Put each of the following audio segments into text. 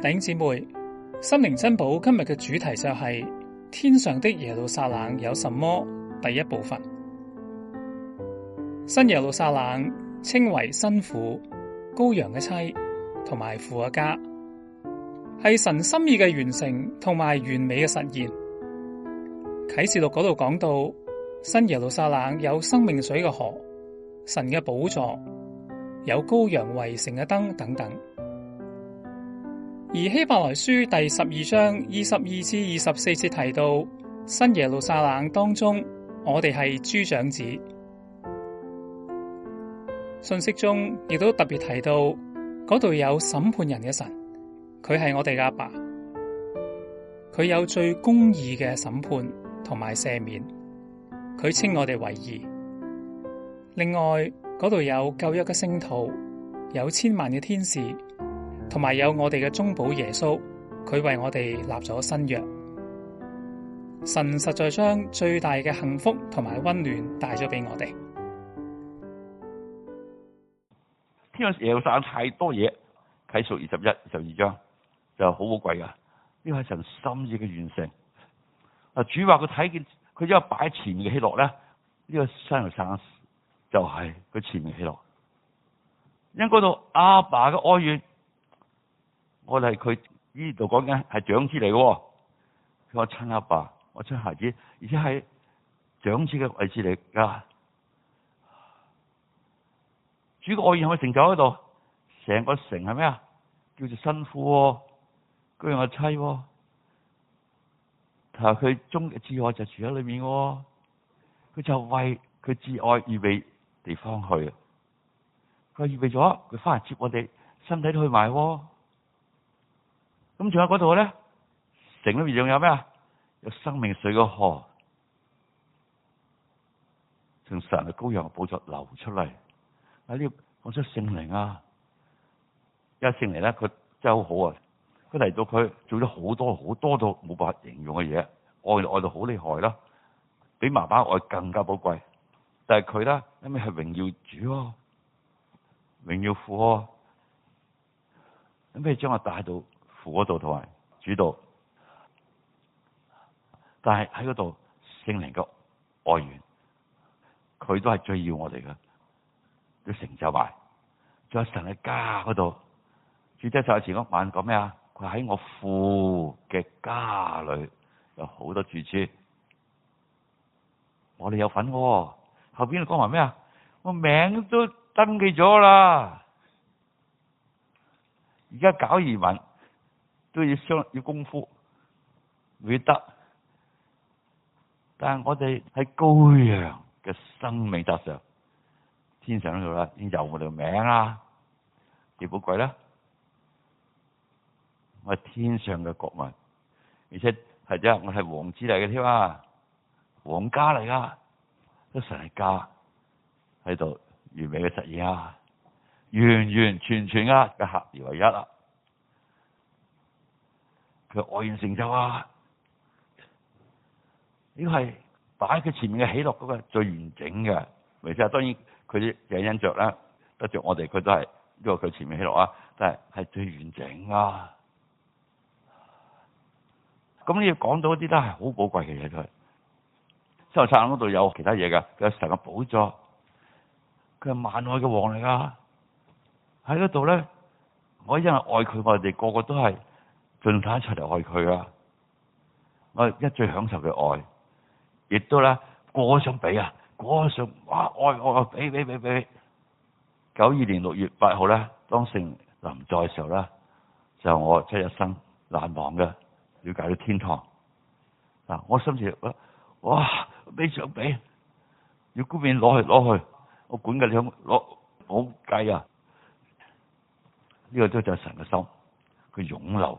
弟兄姐妹，心靈珍寶今日嘅主題就係、是、天上的耶路撒冷有什麼？第一部分，新耶路撒冷稱為新婦羔羊嘅妻，同埋父嘅家，係神心意嘅完成，同埋完美嘅實現。啟示錄嗰度講到新耶路撒冷有生命水嘅河，神嘅寶座，有羔羊為城嘅燈等等。而希伯來書第十二章二十二至二十四節提到新耶路撒冷當中，我哋係諸長子。信息中亦都特別提到，嗰度有審判人嘅神，佢係我哋嘅阿爸，佢有最公義嘅審判同埋赦免，佢稱我哋為義。另外嗰度有舊約嘅聖徒，有千萬嘅天使。同埋有我哋嘅中保耶穌，佢為我哋立咗新約，神實在將最大嘅幸福同埋溫暖帶咗俾我哋。呢個耶路撒冷太多嘢，啟示二十一、二十二章就好好貴噶，呢個係神心意嘅完成。主話佢睇見佢因為擺前面嘅喜樂咧，呢、這個耶路撒冷就係佢前面喜樂，因嗰度阿爸嘅愛怨。我哋佢呢度講緊係長子嚟嘅、哦，佢話親阿爸，爸，我親孩子，而且係長子嘅位置嚟㗎。主嘅愛意係咪成就喺度？成個城係咩啊？叫做新婦、哦，居然係個妻、哦。但係佢中嘅摯愛就住喺裏面喎、哦。佢就為佢摯愛預備地方去。佢預備咗，佢翻嚟接我哋，身體都去埋、哦。咁仲有嗰度咧，城裏面仲有咩啊？有生命水個河，從神嘅羔羊嘅寶座流出嚟。放出啊呢，我出聖靈啊，一聖靈咧佢真係好好啊！佢嚟到佢做咗好多好多到冇辦法形容嘅嘢，愛愛到好厲害啦、啊，比媽媽愛更加寶貴。但係佢咧，咁咪係榮耀主啊，榮耀父啊，咁樣將我帶到。嗰度同埋主導，但係喺嗰度聖靈個外援佢都係最要我哋嘅，要成就埋。仲有神嘅家嗰度，主就係前嗰晚講咩啊？佢喺我父嘅家裏有好多住處，我哋有份。後邊講埋咩啊？我名都登記咗啦，而家搞移民。都要相要功夫，會得，但係我哋喺高陽嘅生命踏上天上嗰度啦，已經有我哋名啦，幾寶貴啦，我係天上嘅國民，而且係啫，我係王子嚟嘅添啊，皇家嚟噶，都成係家喺度完美嘅實現啊，完完全全啊嘅合而為一啦。佢外緣成就啊，呢、這個係擺喺佢前面嘅喜樂嗰個最完整嘅。咪即係當然佢啲嘅恩着啦。得着我哋佢都係呢、這個佢前面喜樂啊，但係係最完整的啊。咁你要講到啲都係好寶貴嘅嘢，佢。錫安山嗰度有其他嘢噶，他有神嘅寶座，佢係萬愛嘅王嚟噶。喺嗰度咧，我因為愛佢，我哋個個都係。盡快一齊嚟愛佢啦！我一最享受嘅愛，亦都咧，我想俾啊，我想哇，愛愛愛，俾俾俾俾。九二年六月八號咧，當聖臨在嘅時候咧，就是，我係一生難忘嘅，了解咗天堂嗱，我心時哇，我想常俾，要姑便攞去攞去，我管嘅你想攞，好計啊！呢、這個都就係神嘅心，佢湧流。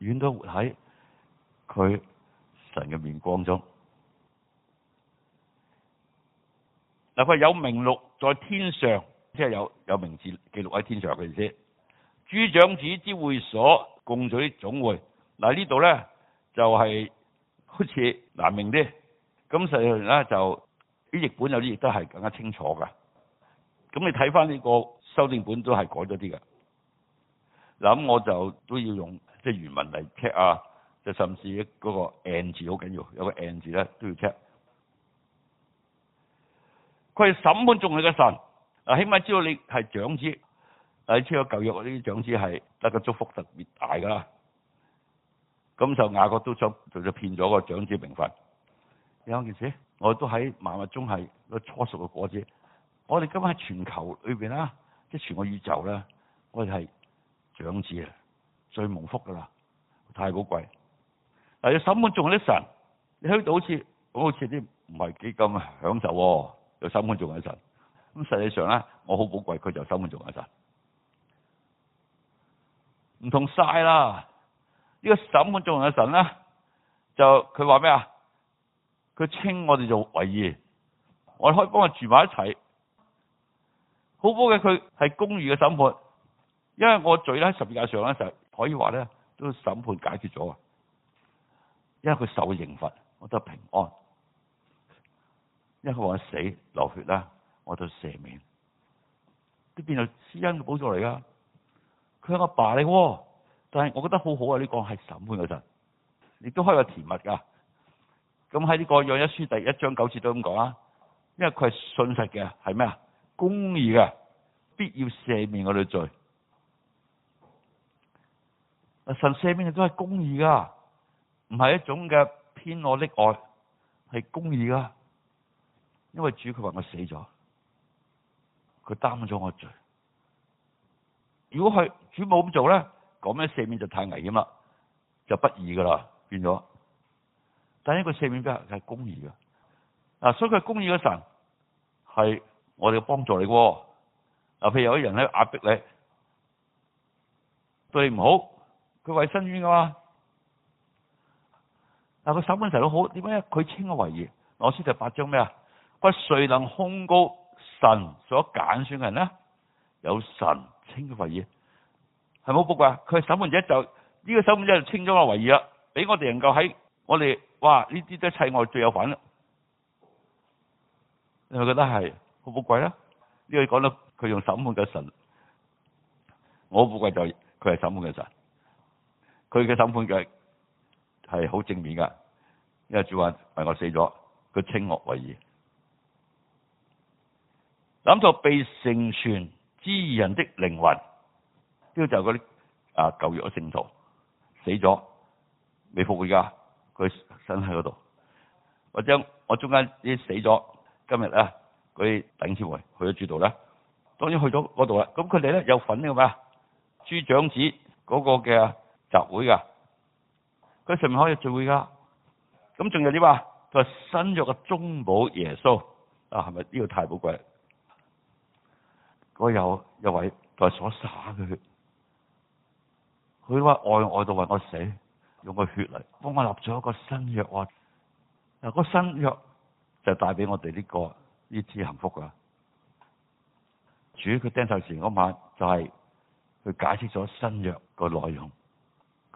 遠都活喺佢神嘅面光中。嗱，佢有名錄在天上，即係有有名字記錄喺天上嘅意思。諸長子之會所共聚的總會。嗱，這裡呢度咧就係、是、好似難明啲。咁實際上咧就啲譯本有啲亦都係更加清楚㗎。咁你睇返呢個修訂本都係改咗啲㗎。嗱，咁我就都要用。即係原文嚟 check 啊，就甚至嗰、那個 n 字好緊要，有個 n 字咧都要 check。佢係審判眾人嘅神，啊起碼知道你係長子，啊簽咗舊約嗰啲長子係得個祝福特別大噶。咁就雅各都想就就騙咗個長子名分。有件事，我都喺萬物中係個初熟嘅果子。我哋今日喺全球裏邊啦，即係全個宇宙咧，我哋係長子啊！最蒙福噶啦，太寶貴。但要審判仲有啲神，你去到好似，咁好似啲唔係幾咁享受。有審判仲有神，咁實際上咧，我好寶貴，佢就審判仲有神，唔同晒啦。呢、這個審判仲有神咧，就佢話咩啊？佢稱我哋做為義，我哋可以幫佢住埋一齊。好好嘅佢係公義嘅審判，因為我罪咧十字架上咧就。可以話咧，都審判解決咗啊！因為佢受刑罰，我得平安；因為佢話死流血啦，我就赦免，都變做施恩嘅寶座嚟噶。佢係阿爸嚟，但係我覺得好好啊！呢、這個係審判嘅陣，亦都開個甜蜜噶。咁喺呢個約一書第一章九節都咁講啦，因為佢係信實嘅，係咩啊？公義嘅，必要赦免我哋罪。神赦免你都係公義噶，唔係一種嘅偏我溺愛，係公義噶。因為主佢話我死咗，佢擔咗我罪。如果係主冇咁做咧，咁樣赦免就太危險啦，就不義噶啦，變咗。但係呢個赦免都係公義噶，嗱，所以佢公義嘅神係我哋嘅幫助嚟噶。譬如有啲人咧壓迫你，對唔好。佢衛生院㗎嘛？但佢審判時都好，點解？佢稱個為義，老師就第八章咩啊？不，誰能控告神所揀選嘅人呢？有神稱嘅為義，係咪好寶貴啊！佢係審判者就呢、這個審判者就稱咗個為義啦，俾我哋能夠喺我哋哇呢啲一切我最有份啦！你咪覺得係好寶貴啦。呢、這個講到佢用審判嘅神，我好寶貴就佢係審判嘅神。佢嘅審判嘅係好正面噶，因為主話：係我死咗，佢稱惡為義，諗到被成全之人的靈魂，呢個就係嗰啲啊舊約嘅聖徒，死咗未復活噶，佢身喺嗰度。或者我中間啲死咗，今日咧佢等天回去咗主道呢，當然去咗嗰度啦。咁佢哋咧有份嘅嘛，咩？諸長子嗰個嘅。集會噶，佢上面可以聚會噶，咁仲有啲話佢新約嘅中保耶穌啊，係咪呢個太寶貴？我又又話佢係所灑嘅血，佢話愛愛到為我死，用個血嚟幫我立咗一個新約案。嗱、那，個新約就帶俾我哋呢、這個呢次幸福噶。主佢釘十字架前嗰晚就係、是、佢解釋咗新約個內容。